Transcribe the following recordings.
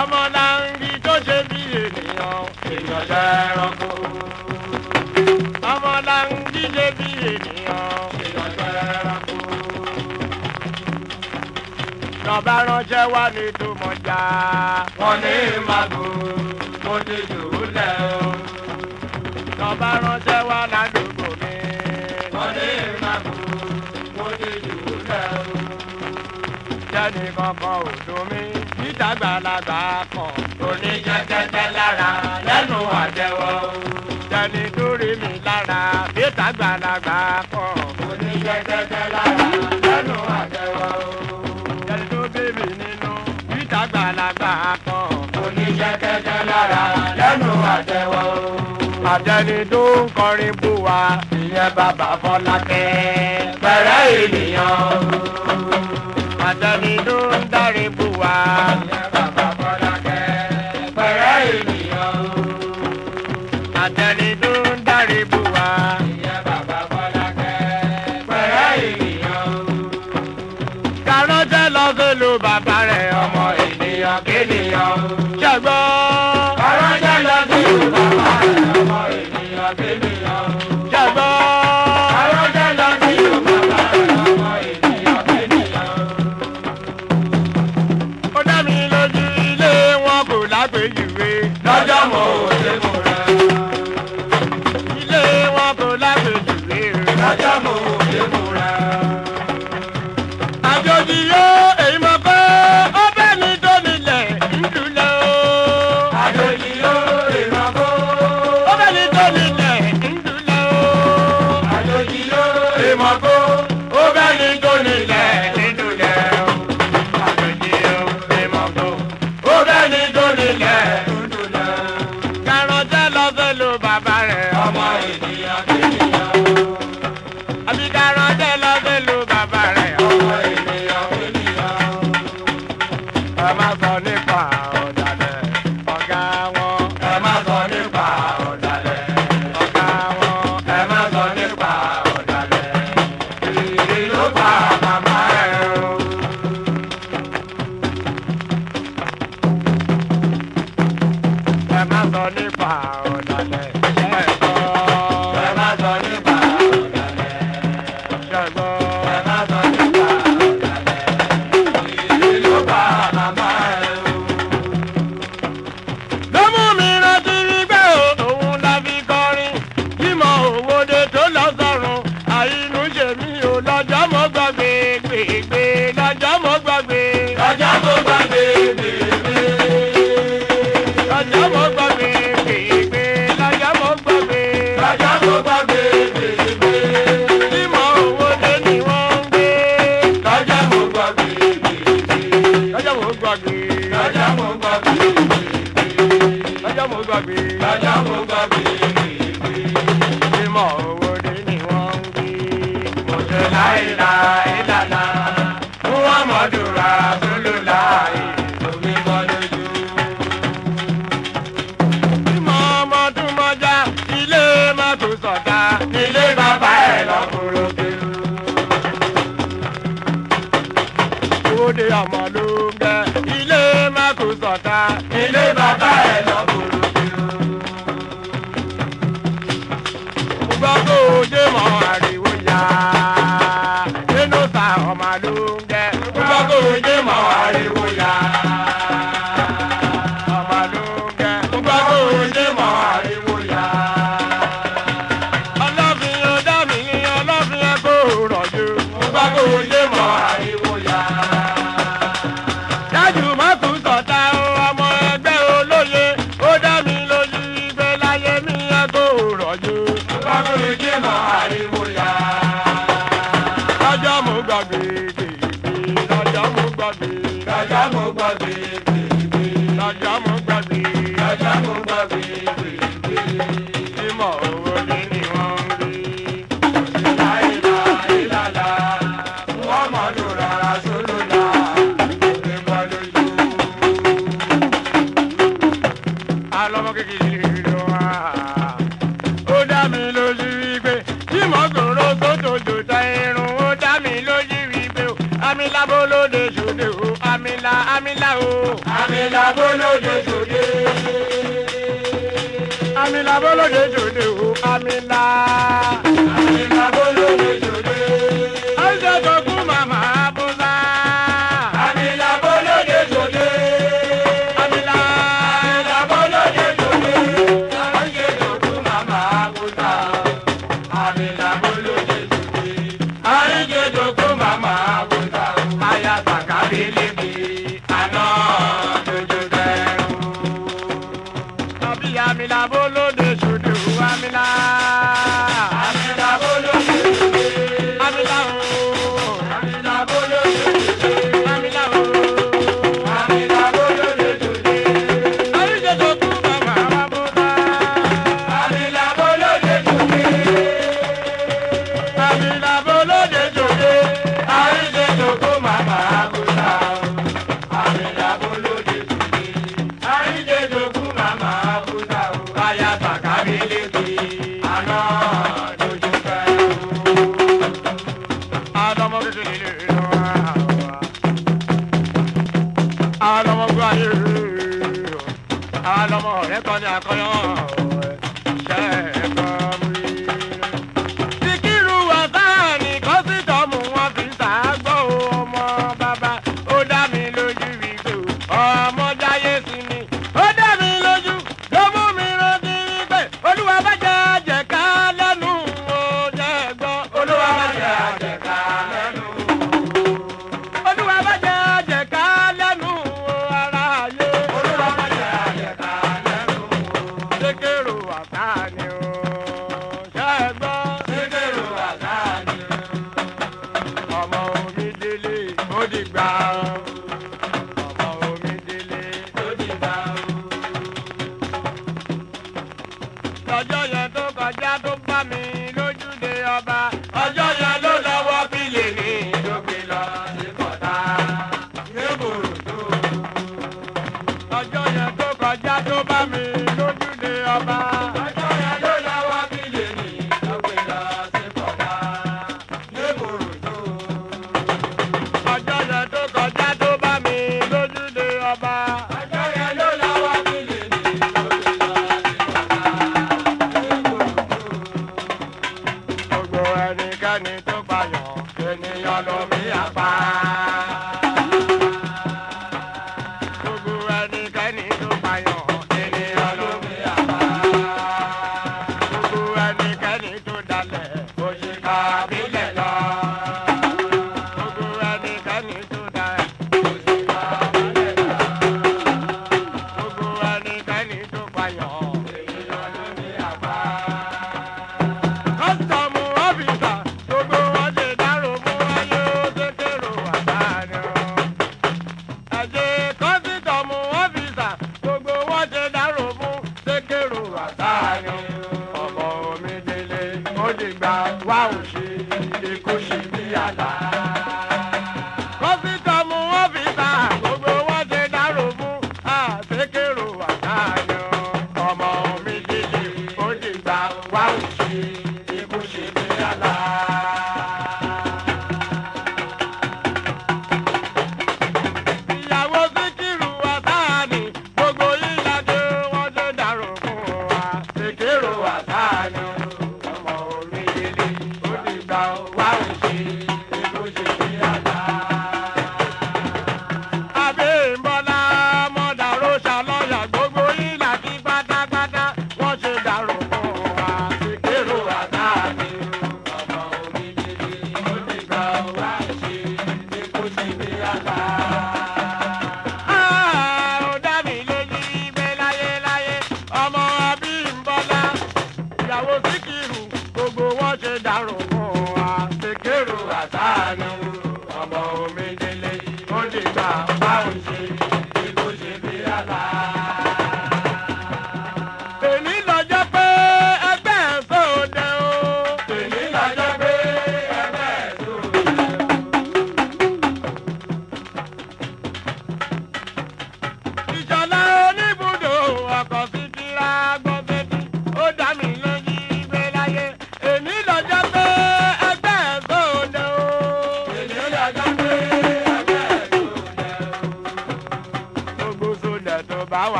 ọmọ láńgí tó ṣe bí ènìyàn èèyàn jẹ́ ẹranko. ọmọ láńgí ṣe bí ènìyàn èèyàn jẹ́ ẹranko. lọ́ba ránṣẹ́ wá ní tòmọ̀já. wọ́n ní màgò mo ti dùn ún lẹ́ o. lọ́ba ránṣẹ́ wá ládùúgbò mi. wọ́n ní màgò mo ti dùn ún lẹ́ o. jẹ́ni kankan ò dùn mí tàgbàlagbà kọ̀. oníjẹgẹdẹ lára lẹ́nu àtẹwọ́. tẹni tó rí mi lára bí tàgbàlagbà kọ̀. oníjẹgẹdẹ lára lẹ́nu àtẹwọ́. tẹni tó bí mi nínú bí tàgbàlagbà kọ̀. oníjẹgẹdẹ lára lẹ́nu àtẹwọ́. àtẹni tó ń kọrin bú wa. ìyẹn bàbá Fọlákẹ́ pẹ̀rẹ́ ènìyàn. àtẹni. Amen. Bye. ayé àlọ́mọ rẹ̀ kọ́ni àkọ́yọ́. kọjá tó bá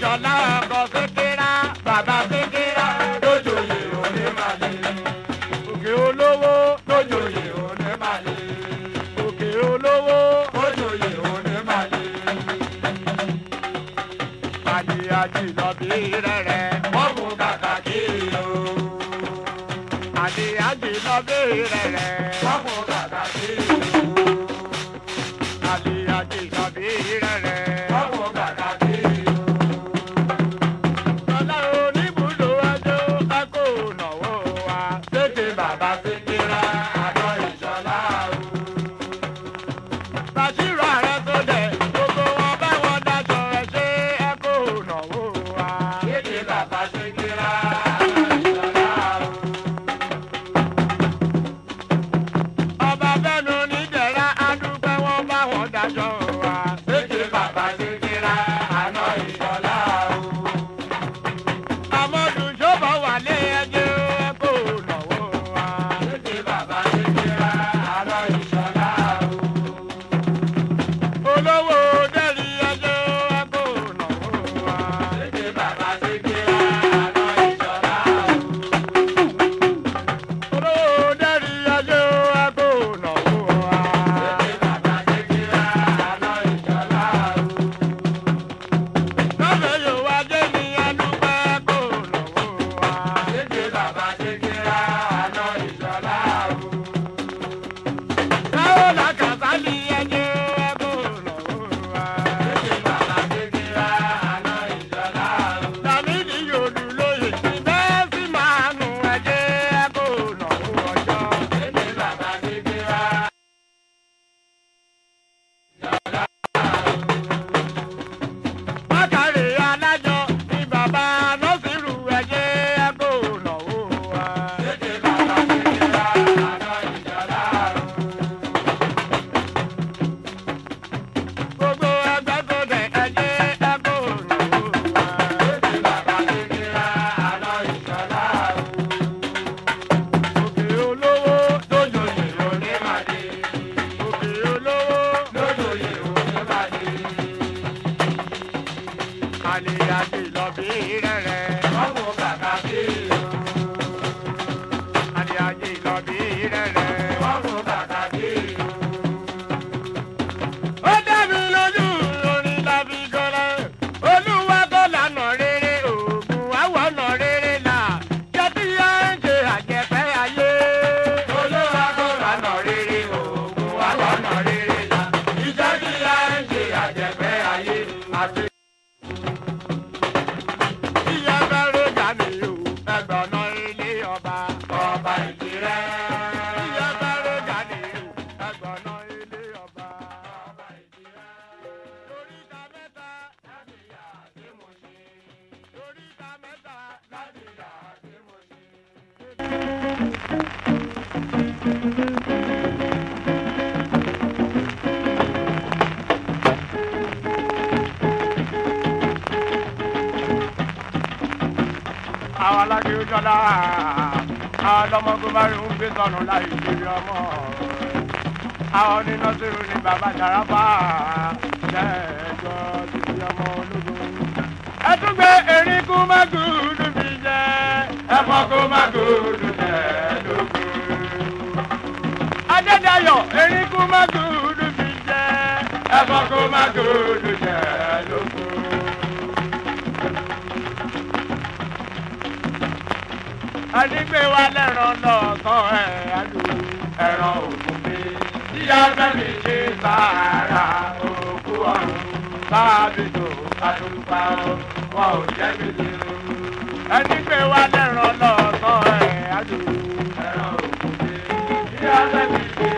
ṣọlá ọkọ̀ kékeré bàbá kékeré lójòyè òní màlè. òkè olówó lójòyè òní màlè. òkè olówó lójòyè òní màlè. màlè àjìlọ bí rẹ̀rẹ̀ wọ́n kò kàkà kiri o. màlè àjìlọ bí rẹ̀rẹ̀ wọ́n kò. jọlá alọmọgbọmọrin ń gbé sọnù láì kiri ọmọ àwọn nínú sírù ni bàbá Jàráfà lẹẹjọ títí ọmọ ológun. ẹ tún gbé erin kú mágùdù mi jẹ ẹfọn kú mágùdù mẹ́ẹ̀ẹ́dógún. Adédayọ̀ erin kú mágùdù mi jẹ ẹfọn kú mágùdù jẹ. àdígbéwá lẹ́ràn lọ́ọ̀kan ẹ̀ mi ẹ̀ràn òkùnfé yíyá bẹ́ẹ̀ ṣe sàárà òkú ọ̀run sábìtò kàdúpà wọn ò jẹ́ mi lè rú. àdígbéwá lẹ́ràn lọ́ọ̀kan ẹ̀ àlù ẹ̀ràn òkùnfé yíyá bẹ́ẹ̀ ṣe.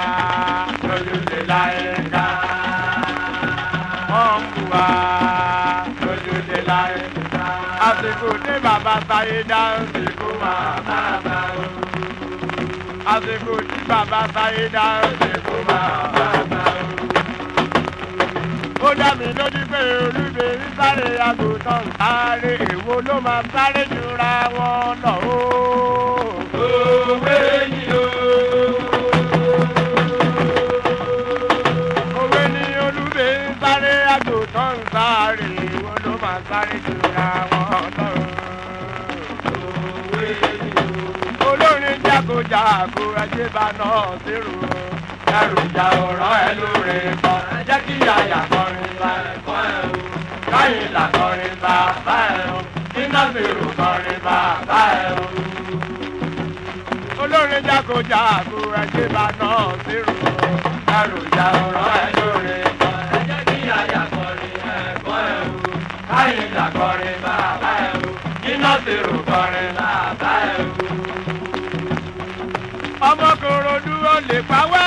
ní bàbá sáyé dá àsìkò màmá bá o. àsìkò ní bàbá sáyé dá àsìkò màmá bá o. ó dá mi lójú pé olúbe ń sáré àgùntàn sáré èwo ló máa sáré jura wọn lọ o. òwe ni o. òwe ni olúbe ń sáré àgùntàn sáré èwo ló máa sáré jura wọn. jagoja àgbo ẹjẹ bá náà sírù o. ẹrù ìjà ọ̀rọ̀ ẹ lóore kan ẹ jẹ́ kí yàyà kọrin la ẹ̀kọ́ ẹ̀ o. káyìn là kọrin bàbá ẹ̀ o. iná fèrò kọrin bàbá ẹ̀ o. olórin jagoja àgbo ẹjẹ bá náà sírù o. ẹrù ìjà ọ̀rọ̀ ẹ lóore kan jẹ́ kí yàyà kọrin ẹ̀kọ́ ẹ̀ o. káyìn là kọrin bàbá ẹ̀ o. iná fèrò kọrin bàbá ẹ̀ o ọmọkòrò dúró lè pawẹ́.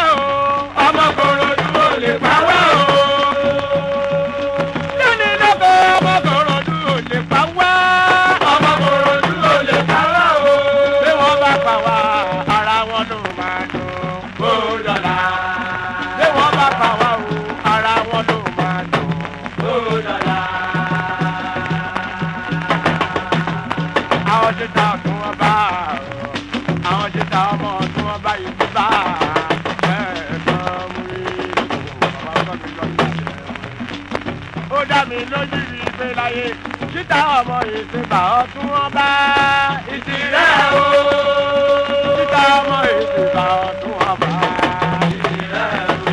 bàbá ọdún ọba. ìtìrẹ o. títà ọmọ ìsìnbà ọdún ọba. ìtìrẹ o.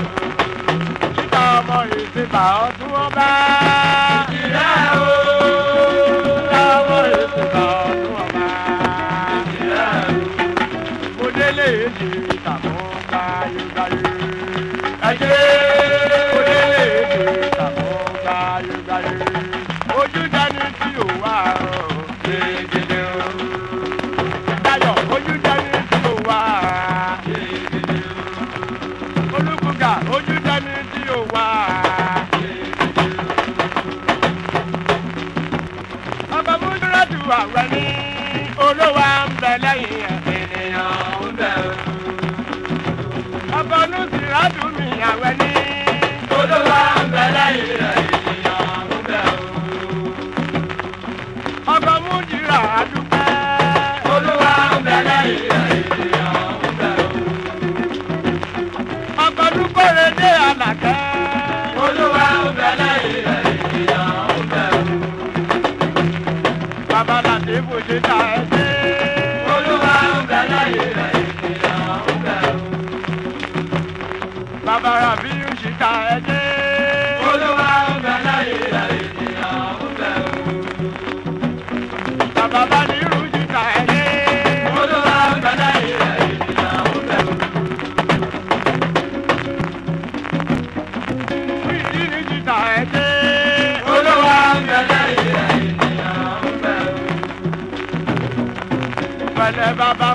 títà ọmọ ìsìnbà ọdún ọba. ìtìrẹ o. títà ọmọ ìsìnbà ọdún ọba. ìtìrẹ o. mo délé èdè ìtàkùn gbáyé gbáyé. ẹ jẹ́.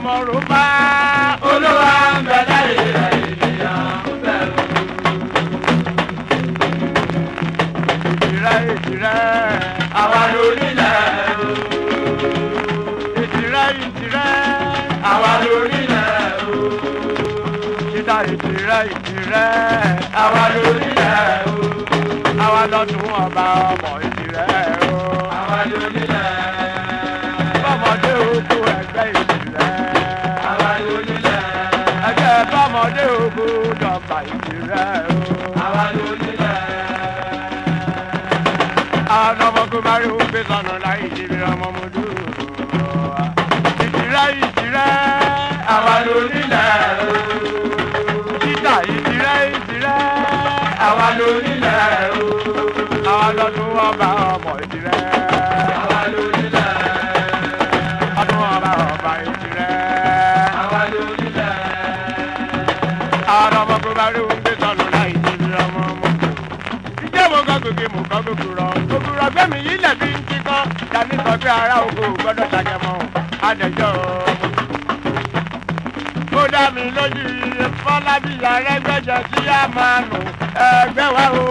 mọ̀rùbá. olúwa ń bẹ láyé rẹ̀ ènìyàn ń bẹ̀rù. ìtìrẹ́ ìtìrẹ́. àwa ló nílẹ̀ o. ìtìrẹ́ ìtìrẹ́. àwa ló nílẹ̀ o. títà ìtìrẹ́ ìtìrẹ́. àwa ló nílẹ̀ o. àwa lọ́dún ọba ọmọ ìtìrẹ́ o. àwa ló nílẹ̀. bọ́mọdé ogun ẹgbẹ́ ìlú. ọdẹ ògo dọ̀gbà ìjìrẹ́ o. àwa ló nílẹ̀. àwọn ọmọkùnrin máa rí òun pé sọnù láì ìjìrẹ́ ọmọ mo dúró. ìjìrẹ́ ìjìrẹ́. àwa ló nílẹ̀ o. títà ìjìrẹ́ ìjìrẹ́. àwa ló nílẹ̀ o. àwọn ọdún ọba ọmọ ìjìrẹ́. kíkan gbogbo gbogbo gbẹ̀mí yìí lẹ̀bi ń kíkan dàmí sọ pé ara oko gbọ́dọ̀ tàjẹ̀ mọ́ adẹ̀jọ́ ọmọ. ó dá mi lójú fọlábí arẹ́gbẹ́jọ tí a máa nù ẹgbẹ́ wa o.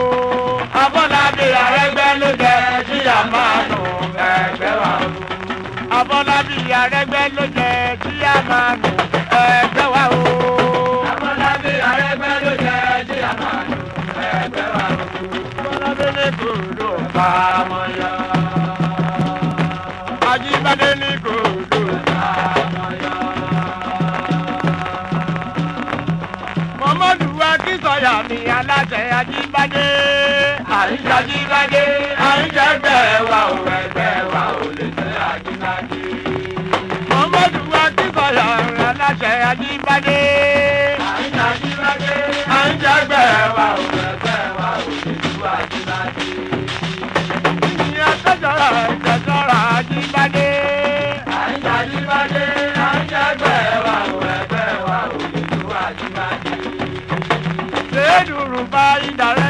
afọlábí arẹ́gbẹ́ ló jẹ tí a máa nù ẹgbẹ́ wa o. afọlábí arẹ́gbẹ́ ló jẹ tí a máa nù ẹgbẹ́ wa o. alájẹ ajíbádé. àyíjẹ ajíbádé. àyíjẹ ẹgbẹ́ wa ò ẹgbẹ́ wa ò lè jẹ́ ajíbádé. mọ́mọ́dù wa kí sọ̀yà alájẹ ajíbádé. àyíjẹ ajíbádé. àyíjẹ ẹgbẹ́ wa ò ẹgbẹ́. bá dé. à ń jají bá dé à ń ṣé dùrù ìdàrẹ́.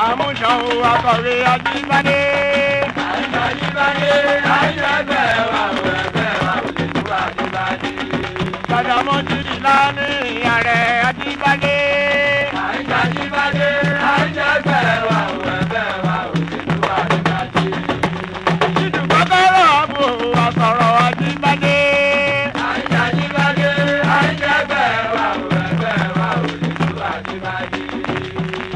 àmúṣan o akọ̀wé ajíbádé. àjọ ajíbádé àjọ ẹgbẹ́ wa ò ẹgbẹ́ wa ò lè tó ajíbádé. gbàdámọ́ ti rí lánì ààrẹ ajíbádé. àjọ ajíbádé àjọ ẹgbẹ́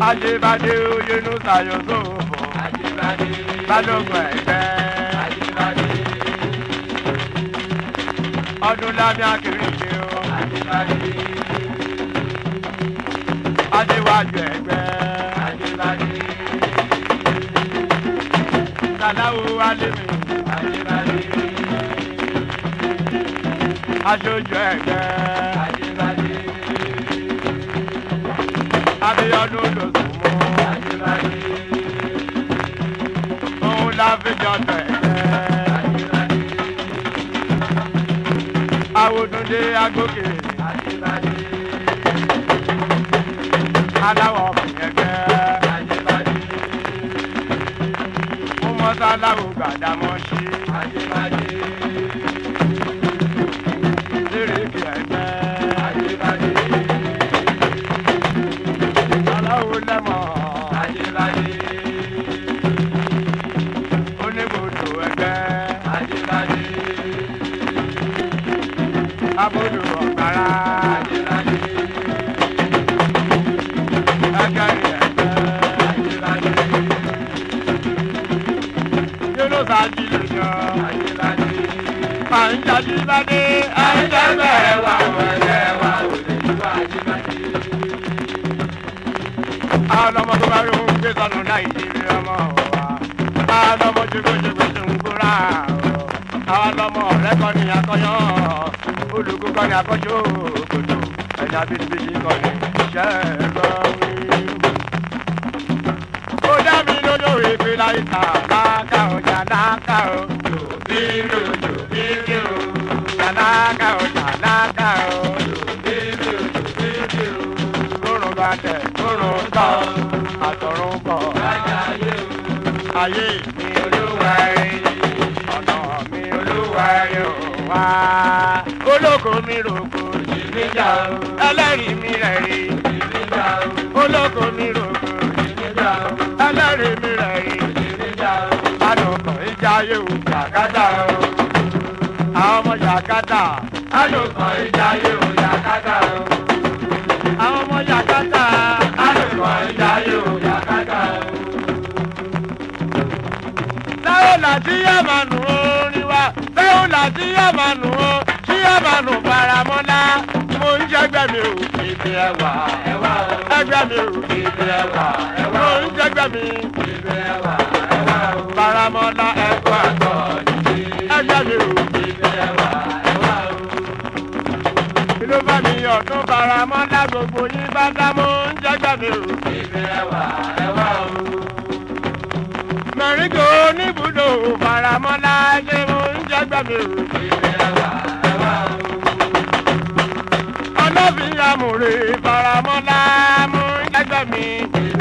Ajibade Oyenu Sayoso Fo. Ajibade. Balógun ẹ̀gbẹ́. Ajibade. Ọdúnlámì Akérèké o. Ajibade. Adéwájú ẹ̀gbẹ́. Ajibade. Sàláwo Alẹ́mi. Ajibade. Aṣojú ẹ̀gbẹ́. òun la fi jọ tẹ̀. àwòdúndé agókè. aláwọ̀ fìyẹ̀kẹ́. ó mọ́tò aláwọ̀ gbàdámọ́sí. Ajibade. Ajẹ́bẹ̀ wà wẹ̀lẹ̀ wà wẹ̀lẹ̀ ìwà Ajibade. Àwọn ọmọ tó bá rí ohun gbé sọnù Nàìjíríà ọmọ wa. Àwọn ọmọ jùgbọ́jùgbọ́ ti ń gbóra. Àwọn ọmọ ọ̀rẹ́ kan ní akọ́yọ́. Olùkọ́ kan ní akọ́jọ́ òkòtò. Ẹja bíbí kan ní iṣẹ́ ẹ̀rọ wí. Ó dá mi lójú ìpínlẹ̀ ìta lákàó jà lákàó. Jòbí lójú làlákà ó làlákà ó. Òjòjèjì òjòjèjì ó. Kórun bá tẹ̀ kórun tọ̀, àtọ̀run bọ̀. Láyé ayé o. Ayé mi olúwa rẹ̀ ọ̀nà mi olúwa rẹ̀ ò wá. Olóko mi rògbò ìgbéjà o. Ẹlẹ́rìí mi rẹ̀ rí. Ìgbéjà o. Olóko mi rògbò ìgbéjà o. Ẹlẹ́rìí mi rẹ̀ rí. Ìgbéjà o. Àdùnkàn ìjà yóò gbàgádà o yàkátà. alùpọ̀ ìjà yóò yàkátà o. àwọn ọmọ yàkátà. alùpọ̀ ìjà yóò yàkátà o. sẹ́wọ̀n láti yá máa nù orin wa sẹ́wọ̀n láti yá máa nù o kí yá máa nù faramọ́lá mo ń jẹ́gbẹ́ mi ò ìdí ẹwà ẹgbẹ́ mi ò ìdí ẹwà mo ń jẹ́gbẹ́ mi ìdí ẹwà ẹwà ẹ̀kọ́ àgbọ̀ ìdí ẹgbẹ́ mi ò. mọ́lá gbogbo yín bá dámú ń jẹ́jọ́ mi ò. ìbẹ̀rẹ̀ wà ẹ wá o. mẹ̀ríngò oníbùdó faramọ́lá ṣé mo ń jẹ́jọ́ mi ò. ìbẹ̀rẹ̀ wà ẹ wá o. ọlọ́fin amòrè faramọ́lá mo ń jẹ́jọ́ mi. ìbẹ̀rẹ̀ wà ẹ wá o.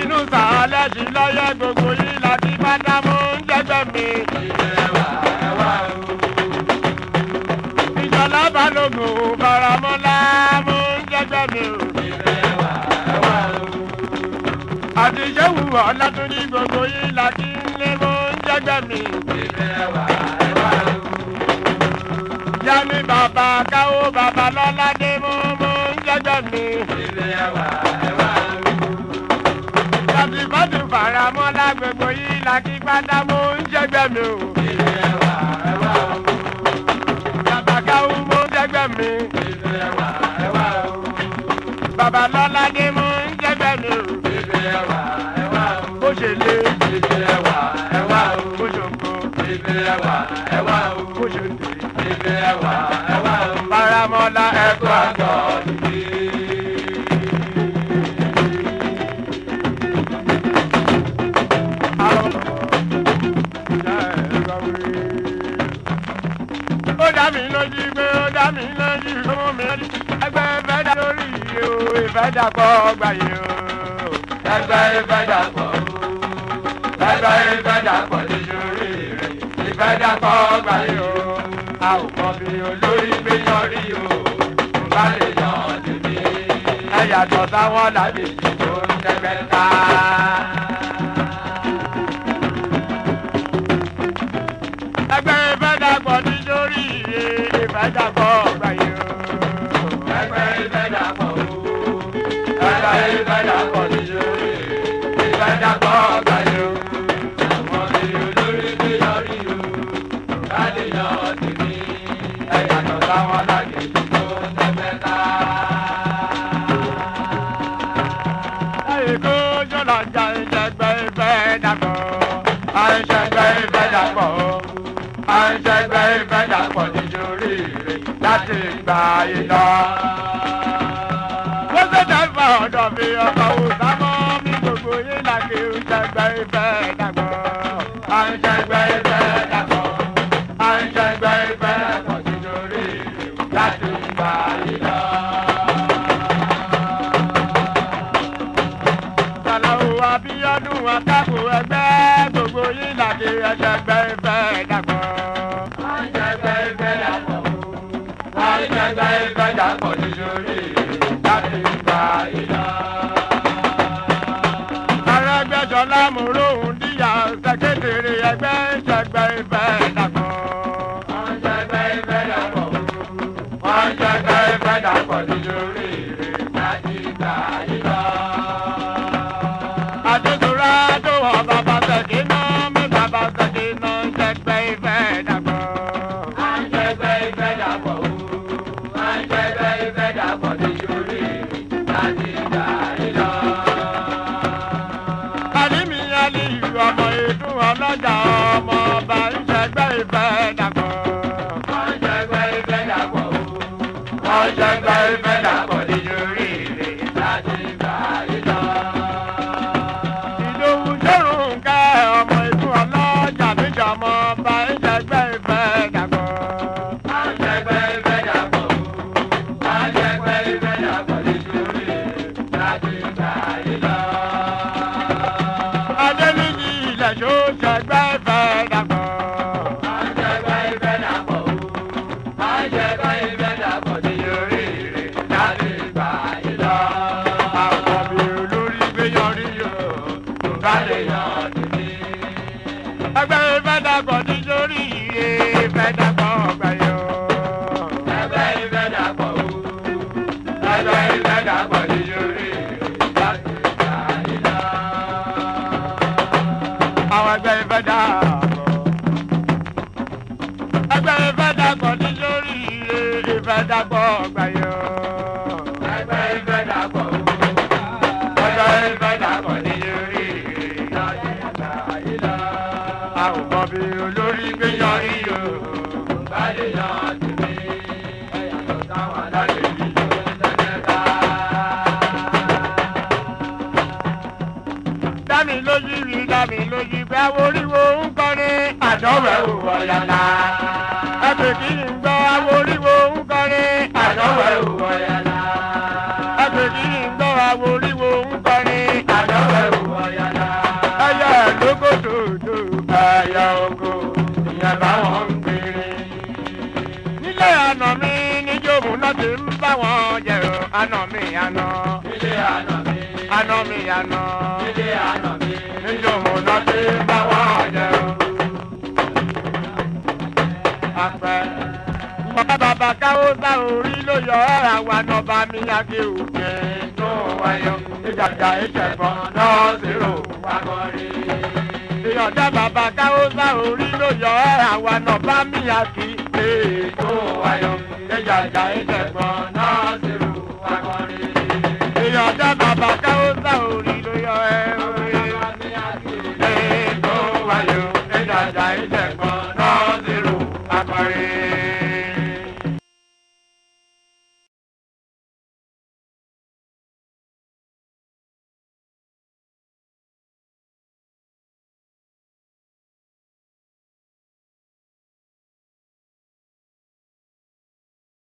inú sàálẹ̀ sí lọ́yẹ̀ gbogbo yìí láti bá dámú ń jẹ́gbẹ́ mi. ìjọba balógun ò faramọ́lá mú ń jẹ́gbẹ́ mi. àtijọ́ wù ọ́ látúndí gbogbo yìí láti ń lé mú ń jẹ́gbẹ́ mi. yá ní bàbá káwó bàbá lọ́ládé mú. dáadáa mo ń ṣẹ́gbẹ́ mi o. ìlú ẹwà ẹwà o. yàtàkà o. babalọ́lá ni ti sọmọ mi lẹ́nu. ẹgbẹ́ ìfẹ́ dá lórí iye o ìfẹ́ dà pọ̀ ọgbà yìí o. ẹgbẹ́ ìfẹ́ dà pọ̀ o ẹgbẹ́ ìfẹ́ dà pọ̀ lójú rí rẹ̀ ìfẹ́ dà pọ̀ ọgbà yìí o. a ò mọ bí olórí gbé yọrí o bá lè yan tèmi. ẹ yàtọ̀ sáwọn làbẹ̀jì tó tẹ́gbẹ́ ká. ẹgbẹ́ ìfẹ́ pọ̀ lójú rí rẹ̀ pọ̀. wọ yàtà. ẹ pè kí n gbọ́ awolíwo ń kọrin. àdánwò ẹ̀ wọ yàtà. ẹ pè kí n gbọ́ awolíwo ń kọrin. àdánwò ẹ̀ wọ yàtà. ẹyà lókòtòdò ẹyà oko ìyẹn báwọn ń pèrè. nílé àná mi ní jòmù náà ti ń bá wọn jẹ o àná mi àná. nílé àná mi. àná mi àná. nílé àná mi. ní jòmù náà ti ń bá wọn jẹ o pẹ́. Bàbá bàbá káwó sá orí ló yọ ọ̀rà wa náà bá mi yágé òkè tó wáyọ̀. Ìjàjà ìjẹ̀bọ̀n náà zèrò wákọ̀rí. Ìyọ̀dá bàbá káwó sá orí ló yọ ọ̀rà wa náà bá mi yágé òkè tó wáyọ̀. Ìjàjà ìjẹ̀bọ̀n náà zèrò wákọ̀rí. Ìyọ̀dá bàbá káwó sá orí.